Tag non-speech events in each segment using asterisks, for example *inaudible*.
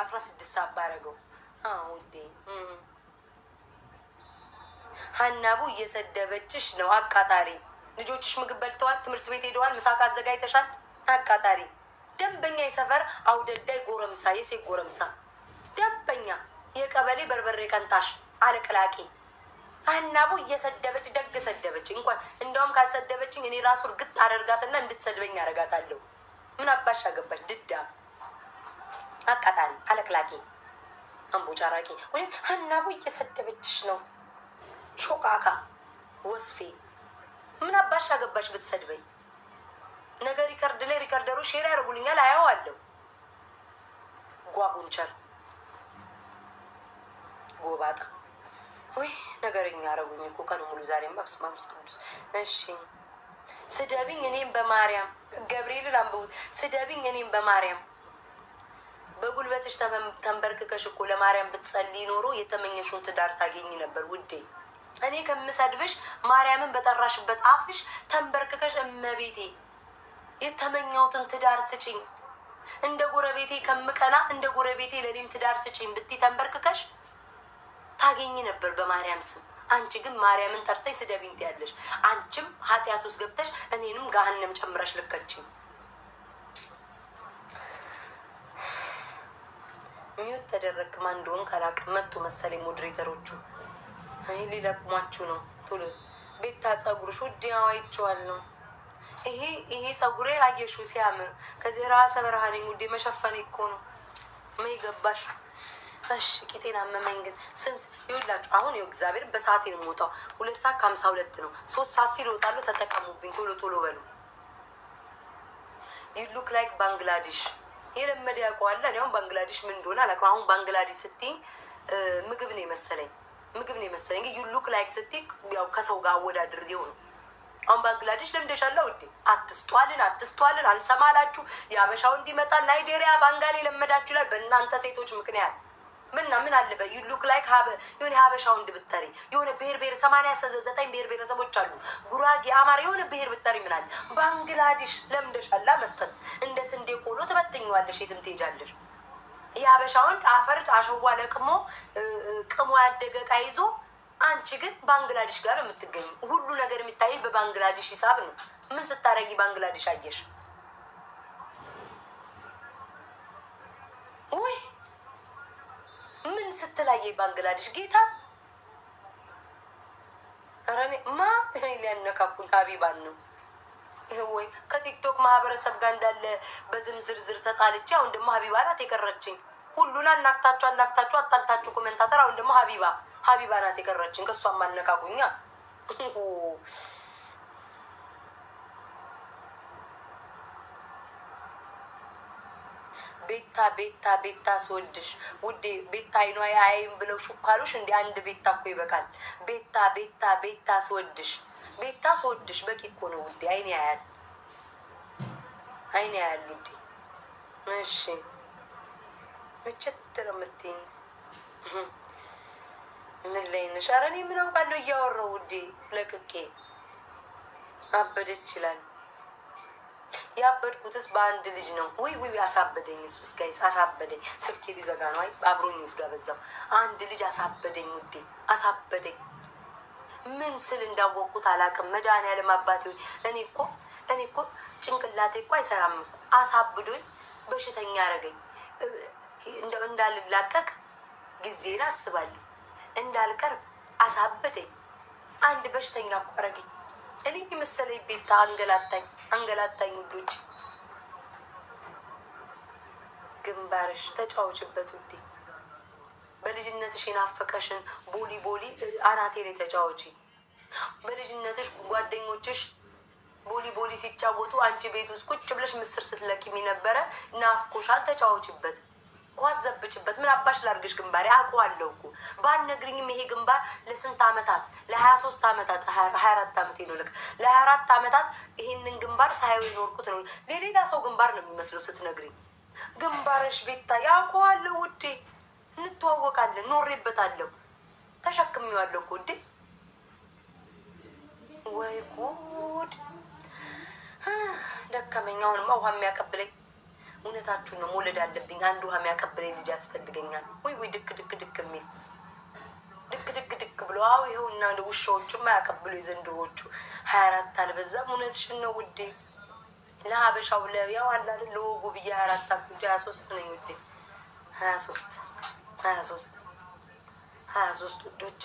በአስራ ስድስት ሰዓት ባደረገው ውዴ ሀናቡ እየሰደበችሽ ነው። አቃጣሪ ልጆችሽ ምግብ በልተዋል፣ ትምህርት ቤት ሄደዋል፣ ምሳቅ አዘጋጅተሻል። አቃጣሪ ደንበኛ፣ የሰፈር አውደዳይ ጎረምሳ፣ የሴት ጎረምሳ ደንበኛ፣ የቀበሌ በርበሬ ቀንጣሽ፣ አለቅላቂ ሀናቡ እየሰደበች ደግ ሰደበች። እንኳን እንደውም ካልሰደበችኝ እኔ ራሱ እርግጥ አደርጋትና እንድትሰድበኝ አደርጋታለሁ። ምን አባሽ አገባሽ ድዳ አቃጣሪ፣ አለቅላቂ፣ አምቦጫ አራቂ ወይም ሀናቡ እየሰደበችሽ ነው። ሾቃካ ወስፌ ምን አባሽ አገባሽ ብትሰድበኝ? ነገ ሪከርድ ላይ ሪከርደሩ ሼር ያደርጉልኛል፣ አየዋለሁ። ጓጉንቸር ጎባጣ ወይ ነገረኛ አረጉኝ እኮ ከነ ሙሉ ዛሬ በስመ አብ ቅዱስ። እሺ ስደብኝ እኔም በማርያም ገብርኤልን አንብቡት። ስደብኝ እኔም በማርያም በጉልበትሽ ተንበርክከሽ እኮ ለማርያም ብትጸልይ ኖሮ የተመኘሽውን ትዳር ታገኝ ነበር ውዴ። እኔ ከምሰድብሽ ማርያምን በጠራሽበት አፍሽ ተንበርክከሽ እመቤቴ የተመኘውትን ትዳር ስጭኝ፣ እንደ ጎረቤቴ ከምቀና እንደ ጎረቤቴ ለኔም ትዳር ስጭኝ ብቲ ተንበርክከሽ ታገኝ ነበር በማርያም ስም። አንቺ ግን ማርያምን ጠርተሽ ስደቢንት ያለሽ አንቺም ኃጢአት ውስጥ ገብተሽ እኔንም ገሃነም ጨምረሽ ልከችኝ። ሚዩት ተደረግ ማን እንደሆን ካላቅ መቶ መሰለኝ ሞዴሬተሮቹ። አይ ሊለቅሟችሁ ነው። ቶሎ ቤታ ጸጉርሽ ውድ ያዋይቸዋል ነው ይሄ ይሄ ጸጉሬ አየሹ ሲያምር ከዚህ ራሰ በረሃኔ ውዴ መሸፈን እኮ ነው መይገባሽ እሺ ቂጤን አመመኝ ግን ስንት አሁን ይኸው እግዚአብሔር በሰዓት ነው የምወጣው። ሁለት ሰዓት ከሀምሳ ሁለት ነው። ሶስት ሰዓት ሲል እወጣለሁ። ተጠቀሙብኝ፣ ቶሎ ቶሎ በሉ። ዩ ሉክ ላይክ ባንግላዴሽ የለመደ ያውቀዋል። እኔ ባንግላዴሽ ምን እንደሆነ አላውቅም። አሁን ባንግላዴሽ ስትይ ምግብ ነው የመሰለኝ ምግብ ነው የመሰለኝ። ዩ ዩሉክ ላይክ ስትይ ያው ከሰው ጋር አወዳድር ነው። አሁን ባንግላዴሽ ለምደሻለሁ ውዴ። አትስቷልን አትስቷልን፣ አልሰማላችሁ። የአበሻው እንዲመጣ ናይጄሪያ ባንጋሌ ለመዳችሁ ይላል በእናንተ ሴቶች ምክንያት ምና ምን አለበ ዩሉክ ሉክ ላይክ የሆነ የሀበሻ ወንድ ብጠሪ የሆነ ብሄር ብሄር ሰማንያ ዘጠኝ ብሄር ብሄረሰቦች አሉ። ጉራጌ፣ አማራ የሆነ ብሄር ብጠሪ ምን አለ። ባንግላዴሽ ለምደሻላ መስጠት እንደ ስንዴ ቆሎ ትበትኘዋለሽ፣ የትም ትሄጃለሽ። የሀበሻ ወንድ አፈርድ አሸዋ ለቅሞ ቅሞ ያደገ ዕቃ ይዞ፣ አንቺ ግን ባንግላዴሽ ጋር የምትገኝ ሁሉ ነገር የሚታይ በባንግላዴሽ ሂሳብ ነው። ምን ስታደርጊ ባንግላዴሽ አየሽ ወይ? ምን ስትላየ ባንግላዴሽ ጌታ ረኔ ማ ሊያነካኩኝ ሀቢባን ነው ይህ ወይ ከቲክቶክ ማህበረሰብ ጋር እንዳለ በዝም ዝርዝር ተጣልቼ፣ አሁን ደግሞ ሀቢባ ናት የቀረችኝ። ሁሉን አናክታችሁ አናክታችሁ አጣልታችሁ ኮሜንታተር፣ አሁን ደግሞ ሀቢባ ሀቢባ ናት የቀረችኝ። ከእሷ ማነካኩኛ ቤታ ቤታ ቤታ ስወድሽ ውዴ ቤታ አይኗ አይም ብለው ሹካሉሽ እንዲ አንድ ቤታ እኮ ይበቃል። ቤታ ቤታ ቤታ ስወድሽ ቤታ ስወድሽ በቂ እኮ ነው ውዴ። አይን ያያል አይን ያያል ውዴ። እሺ ምችት ነው የምትይኝ? ምን ላይ ነሽ? ኧረ እኔ ምን አውቃለሁ እያወራሁ ውዴ። ለቅቄ አበደች ይላል ያበድኩትስ በአንድ ልጅ ነው። ውይ ውይ አሳበደኝ። እሱ ስጋይስ አሳበደኝ። ስልኬ ሊዘጋ ነው። አይ አብሮኝ ይዝጋ በዛው። አንድ ልጅ አሳበደኝ፣ ውዴ አሳበደኝ። ምን ስል እንዳወቅኩት አላውቅም። መድኃኒዓለም አባቴ እኔ እኮ እኔ እኮ ጭንቅላቴ እኮ አይሰራም እኮ አሳብዶኝ በሽተኛ ያደረገኝ እንዳልላቀቅ ጊዜን አስባለሁ እንዳልቀርብ አሳበደኝ። አንድ በሽተኛ እኮ አደረገኝ። እኔ የመሰለኝ ቤታ አንገላታኝ አንገላታኝ። ውዶች ግንባርሽ ተጫወችበት ውዴ። በልጅነትሽ የናፈቀሽን ቦሊ ቦሊ አናቴ ላይ ተጫወቺ። በልጅነትሽ ጓደኞችሽ ቦሊ ቦሊ ሲጫወቱ አንቺ ቤት ውስጥ ቁጭ ብለሽ ምስር ስትለቅሚ ነበረ። ናፍቆሻል፣ ተጫወችበት። ጓዘብጭበት ምን አባሽ ላርግሽ? ግንባሬ አውቀዋለሁ እኮ ባትነግሪኝም ይሄ ግንባር ለስንት አመታት ለሀያ ሶስት ዓመታት ሀያ አራት ዓመት ነው ልክ ለሀያ አራት አመታት ይህንን ግንባር ሳየው ይኖርኩት ነው። ለሌላ ሰው ግንባር ነው የሚመስለው ስትነግርኝ ግንባርሽ ቤታ አውቀዋለሁ ውዴ፣ እንተዋወቃለን፣ ኖሬበታለሁ፣ ተሸክሜዋለሁ እኮ ውዴ። ወይ ጉድ ደከመኝ። አሁንማ ውሃ የሚያቀብለኝ እውነታችሁ ነው። መውለድ አለብኝ። አንድ ውሃ የሚያቀብለኝ ልጅ ያስፈልገኛል። ወይ ወይ ድክ ድክ ድክ የሚል ድክ ድክ ድክ ብሎ አሁ ይኸው እና ውሻዎቹም አያቀብሉ የዘንድሮዎቹ ሀያ አራት አልበዛም። እውነትሽን ነው ውዴ። ለሀበሻው ያው አላል ለወጉ ብዬ ሀያ አራት አልኩ እንጂ ሀያ ሶስት ነኝ ውዴ። ሀያ ሶስት ሀያ ሶስት ሀያ ሶስት ውዶች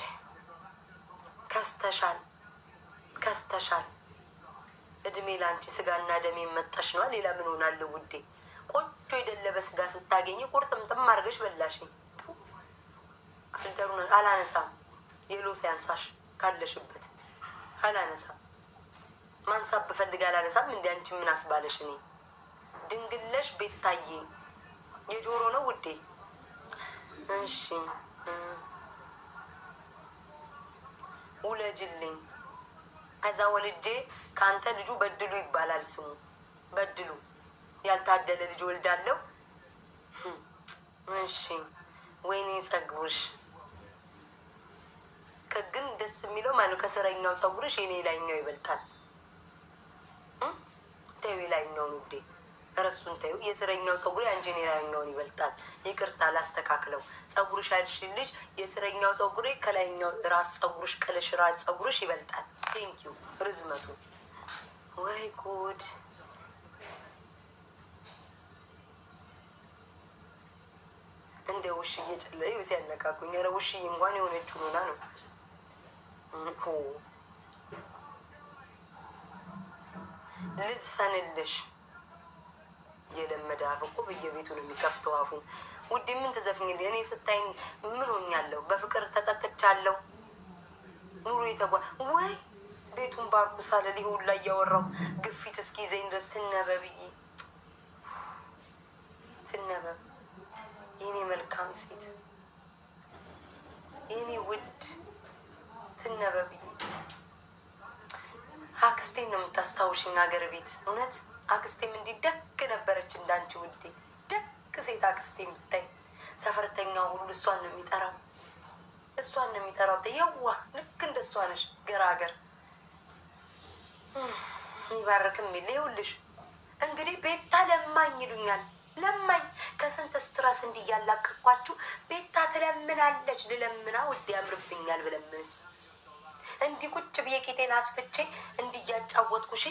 ከስተሻል ከስተሻል። እድሜ ለአንቺ ስጋና ደሜ መጣሽ ነዋ። ሌላ ምን ሆናለሁ ውዴ? ቆንጆ የደለበ ስጋ ስታገኝ ቁርጥምጥም አድርገሽ በላሽኝ። ፊልተሩን አላነሳም። የሎ ያንሳሽ ካለሽበት አላነሳም። ማንሳብ ብፈልግ አላነሳም። እንዲ አንቺ ምን አስባለሽ? እኔ ድንግለሽ ቤታዬ የጆሮ ነው ውዴ። እሺ ውለጅልኝ። ከዛ ወልጄ ከአንተ ልጁ በድሉ ይባላል ስሙ በድሉ ያልታደለ ልጅ ወልዳለሁ። እሺ ወይኔ ጸጉርሽ ከግን ደስ የሚለው ማነው? ከስረኛው ጸጉርሽ የኔ ላይኛው ይበልጣል። ተዩ የላይኛውን ውዴ እረሱን ተዩ። የስረኛው ጸጉር አንቺ የኔ ላይኛውን ይበልጣል። ይቅርታ ላስተካክለው። ጸጉርሽ አልሽ ልጅ የስረኛው ጸጉር ከላይኛው ራስ ጸጉርሽ፣ ቅልሽ ራስ ጸጉርሽ ይበልጣል። ቴንኪው ርዝመቱ ወይ ጉድ እንደ ውሽዬ ጭለ ዩዚ ያነቃቁኝ። ኧረ ውሽዬ እንኳን የሆነችው ሆና ነው። ልዝፈንልሽ የለመደ አፍ እኮ በየቤቱ ነው የሚከፍተው አፉን። ውዴ ምን ትዘፍኝልኝ? እኔ ስታይ ምን ሆኛለሁ? በፍቅር ተጠቅቻለሁ። ኑሮ የተጓ ወይ ቤቱን ባርኩ ሳለ ሊሆን ላይ እያወራሁ ግፊት እስኪ ይዘኝ ድረስ ትነበብዬ ትነበብ የኔ መልካም ሴት፣ የኔ ውድ ትነበብ አክስቴን ነው የምታስታውሽኝ። ሀገር ቤት እውነት አክስቴም እንዲህ ደግ ነበረች እንዳንቺ ውዴ፣ ደግ ሴት አክስቴ የምታይ ሰፈርተኛው ሁሉ እሷን ነው የሚጠራው እሷን ነው የሚጠራው። የዋ ልክ እንደ እሷ ነሽ። ገራገር ይባርክም የለ ይኸውልሽ እንግዲህ ቤታ ለማኝ ይሉኛል። ለማኝ ከስንት ስትራስ እንዲያላቅኳችሁ ቤታ ትለምናለች። ልለምና ውድ ያምርብኛል ብለምንስ እንዲህ ቁጭ ብዬ ቄጤን አስፍቼ እንዲያጫወትኩሽ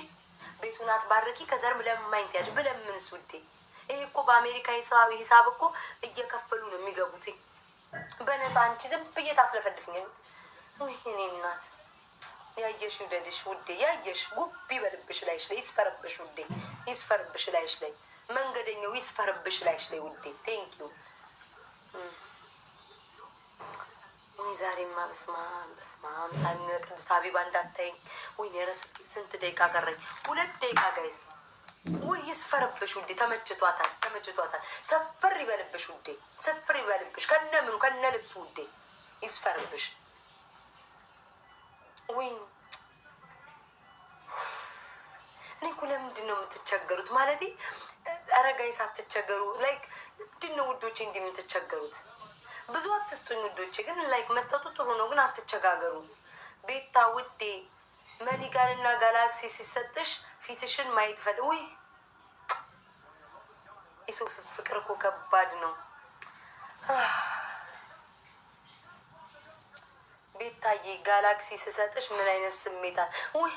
ቤቱን አትባርኪ ከዘርም ለማኝ ትያጅ ብለምንስ ውዴ። ይህ እኮ በአሜሪካ ሂሳብ እኮ እየከፈሉ ነው የሚገቡት። በነፃ አንቺ ዝም ብዬ ታስለፈልፍኛል። ይህኔ እናት ያየሽ ይውደድሽ ውዴ፣ ያየሽ ጉቢ በልብሽ ላይሽ ላይ ይስፈርብሽ ውዴ፣ ይስፈርብሽ ላይሽ ላይ መንገደኛው ይስፈርብሽ ላይሽ ላይ ውዴ። ቴንክ ዩ ወይ ዛሬማ፣ በስመ አብ በስመ አብ። ሳኒ ቅድስት ሀቢባ እንዳታይኝ። ወይኔ ኧረ ስንት ደቂቃ ቀረኝ? ሁለት ደቂቃ ጋይስ። ወይ ይስፈርብሽ ውዴ። ተመችቷታል፣ ተመችቷታል። ሰፈር ይበልብሽ ውዴ፣ ሰፈር ይበልብሽ ከነ ምኑ ከነ ልብሱ ውዴ፣ ይስፈርብሽ ወይ እኔ እኮ ለምንድን ነው የምትቸገሩት? ማለት አረጋይ ሳትቸገሩ ላይክ ምንድን ነው ውዶቼ እንዲህ የምትቸገሩት? ብዙ አትስጡኝ ውዶቼ፣ ግን ላይክ መስጠቱ ጥሩ ነው፣ ግን አትቸጋገሩ። ቤታ ውዴ መኒጋንና ጋላክሲ ሲሰጥሽ ፊትሽን ማየት ፈል ውይ የሰው ፍቅር እኮ ከባድ ነው። *sighs* ቤታዬ ጋላክሲ ስሰጥሽ ምን አይነት አለ? ውይ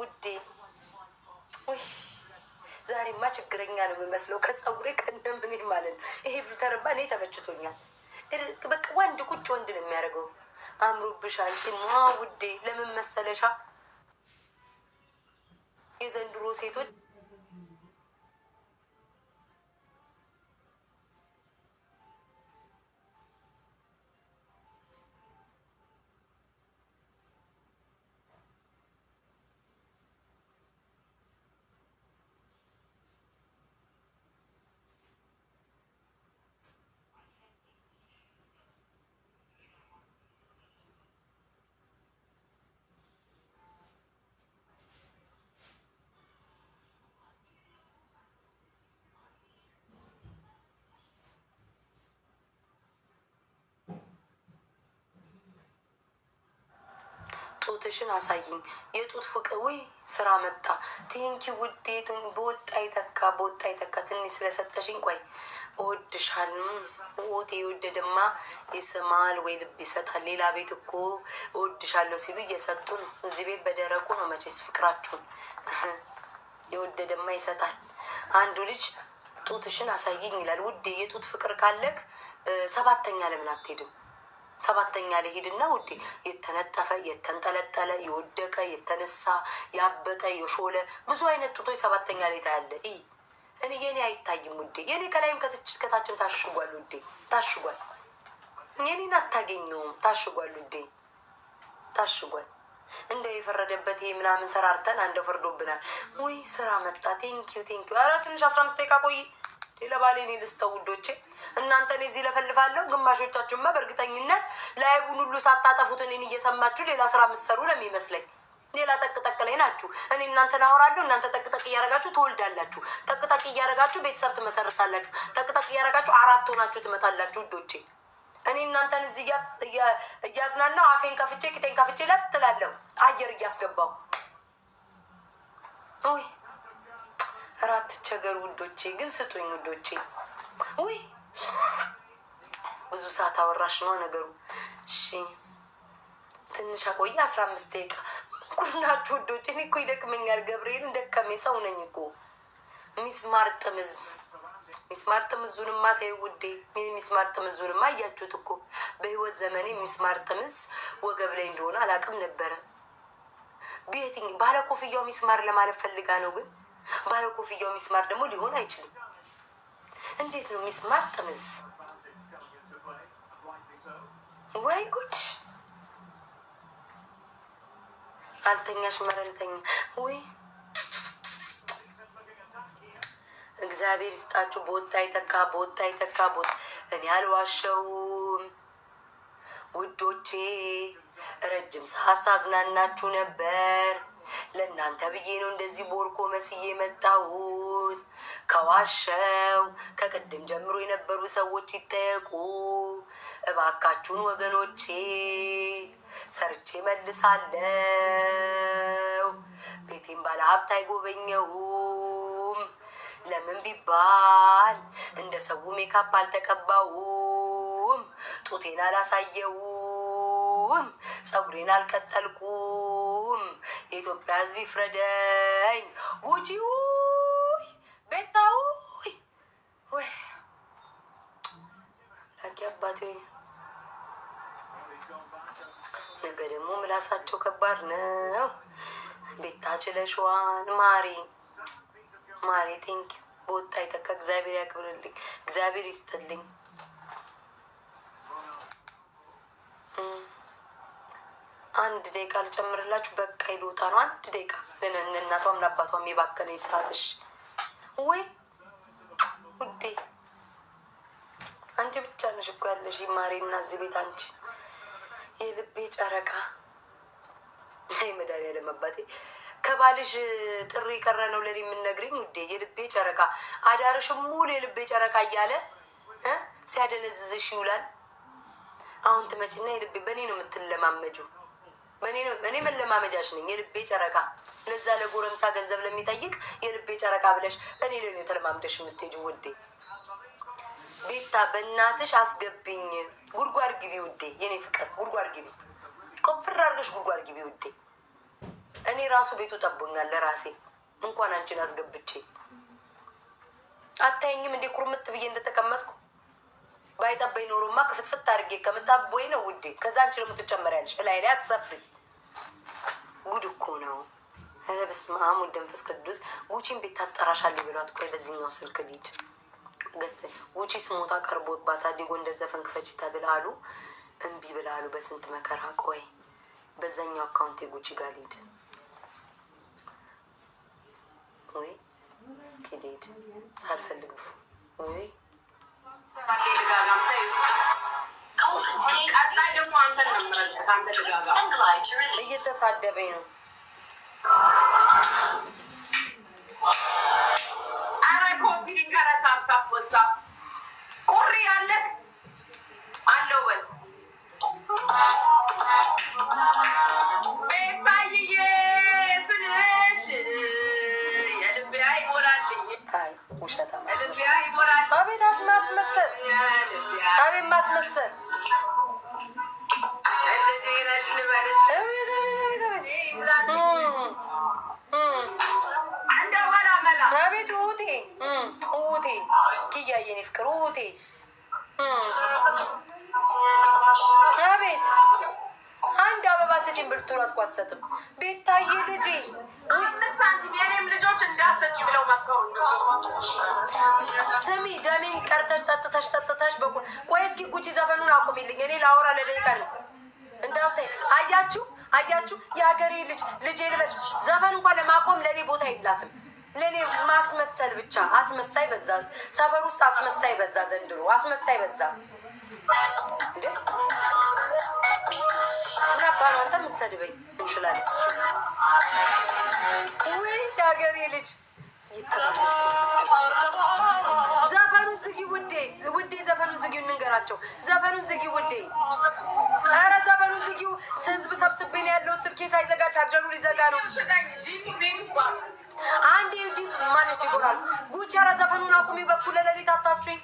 ውዴ ውይ ዛሬማ ችግረኛ ነው የሚመስለው ከፀጉሬ ከነምኔ ማለት ነው ይሄ ፊልተርማ እኔ ተመችቶኛል በቃ ወንድ ቁጭ ወንድ ነው የሚያደርገው አምሮብሻል ሲማ ውዴ ለምን መሰለሻ የዘንድሮ ሴቶች ጡትሽን አሳይኝ። የጡት ፍቅር ውይ ስራ መጣ። ቴንኪ ውዴቱን በወጣ ይተካ በወጣ ይተካ። ትንሽ ስለሰጠሽኝ ቆይ እወድሻል። ኦቴ የወደደማ ይስማል ወይ ልብ ይሰጣል። ሌላ ቤት እኮ እወድሻለሁ ሲሉ እየሰጡ ነው። እዚህ ቤት በደረቁ ነው። መቼስ ፍቅራችሁን የወደደማ ይሰጣል። አንዱ ልጅ ጡትሽን አሳይኝ ይላል። ውዴ የጡት ፍቅር ካለክ ሰባተኛ ለምን አትሄድም? ሰባተኛ ላይ ሂድና ውዴ፣ የተነጠፈ የተንጠለጠለ፣ የወደቀ፣ የተነሳ፣ ያበጠ፣ የሾለ ብዙ አይነት ጡቶች ሰባተኛ ላይ ታያለ። ይ እኔ የኔ አይታይም ውዴ፣ የኔ ከላይም ከታችም ታሽጓል ውዴ፣ ታሽጓል። የኔን አታገኘውም፣ ታሽጓል ውዴ፣ ታሽጓል። እንደ የፈረደበት ይሄ ምናምን ሰራርተን አንደ ፈርዶብናል። ውይ ስራ መጣ። ቴንኪዩ ቴንኪዩ። ኧረ ትንሽ አስራ አምስት ደቂቃ ቆይ ሌላ ባሌ ኔ ልስተው ውዶቼ፣ እናንተ እኔ እዚህ ለፈልፋለሁ። ግማሾቻችሁማ በእርግጠኝነት ላይቡን ሁሉ ሳታጠፉት እኔን እየሰማችሁ ሌላ ስራ ምሰሩ ነው የሚመስለኝ። ሌላ ጠቅጠቅ ላይ ናችሁ። እኔ እናንተን አወራለሁ፣ እናንተ ጠቅጠቅ እያደረጋችሁ ትወልዳላችሁ፣ ጠቅጠቅ እያደረጋችሁ ቤተሰብ ትመሰርታላችሁ፣ ጠቅጠቅ እያደረጋችሁ አራት ሆናችሁ ትመጣላችሁ ውዶቼ። እኔ እናንተን እዚህ እያዝናናው አፌን ከፍቼ ቂጤን ከፍቼ ለት ትላለሁ አየር እያስገባው እራት ቸገር ውዶቼ፣ ግን ስጡኝ ውዶቼ። ውይ ብዙ ሰዓት አወራሽ ነው ነገሩ። እሺ ትንሽ አቆየ፣ አስራ አምስት ደቂቃ ጉርናችሁ ውዶቼ። እኔ እኮ ይደክመኛል፣ ገብርኤልን ደከመኝ። ሰው ነኝ እኮ ሚስማር ጥምዝ ሚስማር ጥምዙንማ ተይው ውዴ። ሚስማር ጥምዙንማ እያችሁት እኮ በህይወት ዘመኔ ሚስማር ጥምዝ ወገብ ላይ እንደሆነ አላውቅም ነበረ። ቤትኝ ባለ ኮፍያው ሚስማር ለማለት ፈልጋ ነው ግን ባለ ኮፍያው ሚስማር ደግሞ ሊሆን አይችልም። እንዴት ነው ሚስማር ጥምዝ? ወይ ጉድ! አልተኛሽ መረልተኛ ወይ እግዚአብሔር ይስጣችሁ። ቦታ ይተካ፣ ቦታ ይተካ። ቦታ እኔ አልዋሸውም ውዶቼ፣ ረጅም ሳሳ አዝናናችሁ ነበር። ለእናንተ ብዬ ነው እንደዚህ ቦርኮ መስዬ የመጣሁት። ከዋሸው ከቅድም ጀምሮ የነበሩ ሰዎች ይጠየቁ። እባካችሁን ወገኖቼ፣ ሰርቼ ቤቴም ቤቴን ሀብት አይጎበኘውም። ለምን ቢባል እንደ ሰው ሜካፕ አልተቀባውም። ጡቴን አላሳየውም። ፀጉሬን አልቀጠልኩም። ሁላችሁም የኢትዮጵያ ሕዝብ ይፍረደኝ። ጉቺ ውይ፣ ቤታ ውይ፣ ወይ ላኪ አባት ወይ ነገ ደግሞ ምላሳቸው ከባድ ነው። ቤታ ችለሽዋን ማሪ ማሪ ቲንክ ቦታ ይተካ እግዚአብሔር ያክብርልኝ፣ እግዚአብሔር ይስጥልኝ። አንድ ደቂቃ ልጨምርላችሁ። በቃ ይልወጣ ነው። አንድ ደቂቃ ለእናቷም ለአባቷም የባከነ ሰዓትሽ ወይ ውዴ፣ አንቺ ብቻ ነሽ እኮ ያለሽ ማሬ እና እዚህ ቤት አንቺ የልቤ ጨረቃ ይ መድኃኒዓለም አባቴ ከባልሽ ጥሪ ቀረ ነው ለኔ የምነግርኝ ውዴ፣ የልቤ ጨረቃ አዳርሽ ሙሉ የልቤ ጨረቃ እያለ ሲያደነዝዝሽ ይውላል። አሁን ትመጪና የልቤ በእኔ ነው የምትለማመጁ። እኔ መለማመጃሽ ነኝ፣ የልቤ ጨረቃ። እነዛ ለጎረምሳ ገንዘብ ለሚጠይቅ የልቤ ጨረቃ ብለሽ እኔ ለ ተለማምደሽ የምትሄጂው ውዴ። ቤታ በእናትሽ አስገብኝ፣ ጉድጓድ ግቢ ውዴ፣ የኔ ፍቅር ጉድጓድ ግቢ፣ ቆፍር አድርገሽ ጉድጓድ ግቢ ውዴ። እኔ ራሱ ቤቱ ጠቦኛል ለራሴ እንኳን አንቺን አስገብቼ አታየኝም እንዴ ኩርምት ብዬ እንደተቀመጥኩ ባይጠበኝ ኖሮማ ክፍትፍት አድርጌ ከምታቦይ ነው ውዴ። ከዛ አንቺ ደግሞ ትጨመሪያለሽ እላይ ላይ አትሰፍሪ። ጉድ እኮ ነው። በስመ አብ ወወልድ ወመንፈስ ቅዱስ። ጉቺን ቤት ታጠራሻለች ብሏት፣ ቆይ በዚህኛው ስልክ ቢድ ገዝተ ጉቺ ስሞታ ቀርቦባታ የጎንደር ዘፈን ክፈች ተብላሉ፣ እምቢ ብላሉ። በስንት መከራ ቆይ በዛኛው አካውንት የጉቺ ጋር ሊድ ወይ እስኪ ሊድ ሳልፈልግ ወይ እየተሳደበኝ ነው። አረ ኮፒ ከረታታ ወሳ ቁሪ አለ አለው በል ቤታዬ ስልሽ የልቤ አይሞላልኝ ውሸት ማስመሰል አቤት ማስመሰል ሩቴ ኪያየኔ ፍቅር ሩቴ አቤት አንድ አበባ ስጪኝ ብርቱን አትቋሰጥም። ቤታዬ ልጅ አምስት ሳንቲም የኔም ልጆች እንዳሰጪ ብለው መከሩ። ስሚ ደሜን ቀርተሽ ጠጥተሽ ጠጥተሽ ቆይ እስኪ ጉቺ ዘፈኑን አቁሚልኝ። እኔ ላወራ ለደቂቃ ነው እንዳታይ። አያችሁ አያችሁ፣ የሀገሬ ልጅ ልጄ ልበስ ዘፈን እንኳን ለማቆም ለእኔ ቦታ የላትም። ለኔ ማስመሰል ብቻ አስመሳይ በዛ። ሰፈር ውስጥ አስመሳይ በዛ። ዘንድሮ አስመሳይ በዛ። ባሉ አንተ የምትሰድበኝ እንችላለን። ወይ ሀገሬ ልጅ ዘፈኑ ዝጊ ውዴ፣ ውዴ ዘፈኑ ዝጊ፣ እንንገራቸው። ዘፈኑ ዝጊ ውዴ፣ ኧረ ዘፈኑ ዝጊው። ህዝብ ሰብስቤ ነው ያለው። ስልኬ ሳይዘጋ ቻርጀሩ ሊዘጋ ነው። አንድ ዚህ ማነች ይጎራል ጉቺ ኧረ ዘፈኑን አቁሚ። በኩል ለሌሊት አታስችኝ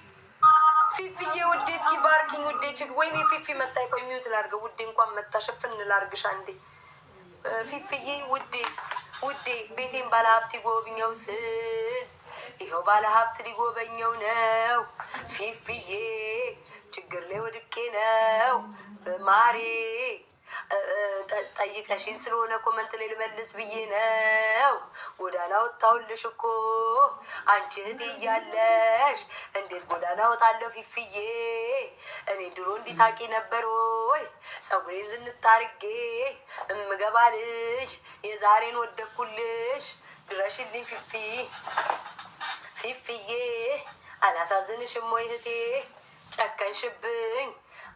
ፊፊዬ ውዴ እስኪ ባርኪኝ ውዴ ችግ ወይኔ ፊፊ መታይ ቆይ ሚዩት ላርገ ውዴ እንኳን መታ ሽፍን ላርግሽ አንዴ ፊፍዬ ውዴ ውዴ ቤቴን ባለሀብት ይጎብኘው ስል ይኸው ባለሀብት ሊጎበኘው ነው። ፊፍዬ ችግር ላይ ወድቄ ነው ማሬ ጠይቀሽኝ ስለሆነ ኮመንት ላይ ልመልስ ብዬ ነው። ጎዳና ወጣሁልሽ እኮ አንቺ እህቴ እያለሽ እንዴት ጎዳና ወጣለሁ ፊፍዬ። እኔ ድሮ እንዲታቂ ነበር ወይ ፀጉሬን ዝንታርጌ እምገባልሽ የዛሬን ወደኩልሽ። ድረሽልኝ ፊፊ ፊፍዬ፣ አላሳዝንሽም ወይ እህቴ? ጨከንሽብኝ፣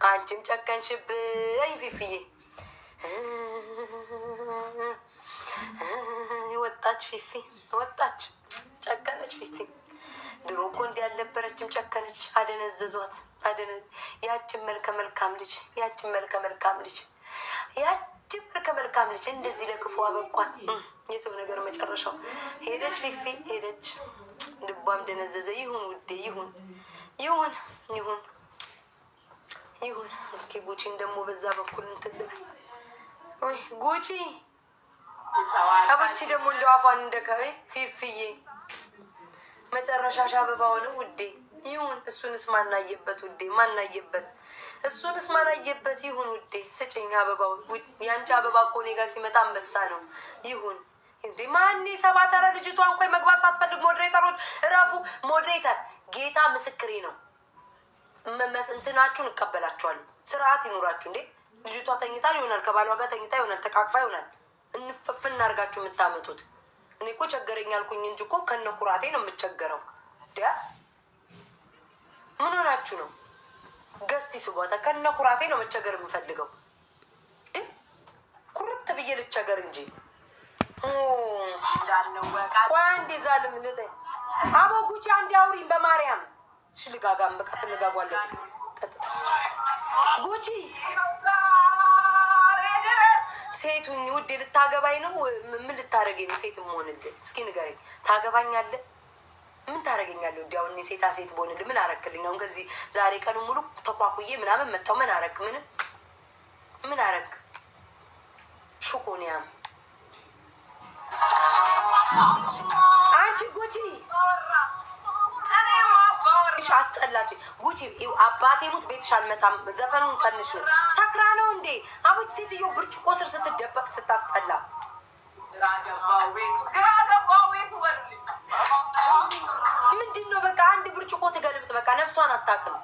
አንቺም ጨከንሽብኝ ፊፍዬ ወጣች ፊፊ ወጣች፣ ጨከነች ፊፊ። ድሮ እኮ እንዲህ ያልነበረችም ጨከነች። አደነዘዟት። ያችን መልከ መልካም ልጅ ያችን መልከ መልካም ልጅ ያችን መልከ መልካም ልጅ እንደዚህ ለክፉ አበቋት። የሰው ነገር መጨረሻው። ሄደች ፊፊ ሄደች፣ ልቧም ደነዘዘ። ይሁን ውዴ ይሁን ይሁን ይሁን ይሁን። እስኪ ጉቺን ደግሞ በዛ በኩል እንትን ልበል ወይ ጉቺ ከብቺ ደግሞ እንደ አፏን እንደ ፊፍዬ መጨረሻሽ አበባ ሆነ ውዴ። ይሁን እሱንስ ማናየበት ውዴ፣ ማናየበት እሱንስ ማናየበት ይሁን ውዴ። ስጭኝ ያንቺ አበባ እኮ እኔ ጋር ሲመጣ አንበሳ ነው። ይሁን እንዴ ማን ልጅቷ መግባት ሳትፈልግ ሞዴሬተሮች እረፉ። ሞዴሬተር ጌታ ምስክሬ ነው። እንትናችሁን እቀበላችኋለሁ። ስርዓት ይኑራችሁ እንዴ ልጅቷ ተኝታ ይሆናል፣ ከባሏ ጋር ተኝታ ይሆናል፣ ተቃቅፋ ይሆናል። እንፈፍ እናርጋችሁ የምታመጡት። እኔ እኮ ቸገረኝ አልኩኝ እንጂ እኮ ከነ ኩራቴ ነው የምቸገረው። ዲያ ምን ሆናችሁ ነው? ገስቲ ስቧታ ከነ ኩራቴ ነው መቸገር የምፈልገው። ኩርት ብዬ ልቸገር እንጂ አንድ ዛልም ል አቦ ጉቺ አንድ አውሪኝ በማርያም ሽልጋጋም በቃ ትልጋጓለን ጉቺ ሴቱኝ ውዴ ልታገባኝ ነው። ምን ልታደረገኝ ሴት መሆንልህ እስኪ ንገረኝ። ታገባኛለህ? ምን ታደረገኛለህ? ውዴ አሁን ሴታ ሴት በሆንልህ ምን አረክልኝ? አሁን ከዚህ ዛሬ ቀኑ ሙሉ ተኳኩዬ ምናምን መጥተው ምን አረክ? ምንም ምን አረክ? ሹኮንያም አንቺ ጎቺ እሺ አስጠላች። ጉቺ አባቴ ሙት ቤትሽ አልመጣም። ዘፈኑን ቀንሹ ሰክራ ነው እንዴ አቡች ሴትዮ ብርጭቆ ስር ስትደበቅ ስታስጠላ። ምንድን ነው በቃ አንድ ብርጭቆ ትገልብጥ። በቃ ነፍሷን አታውቅም።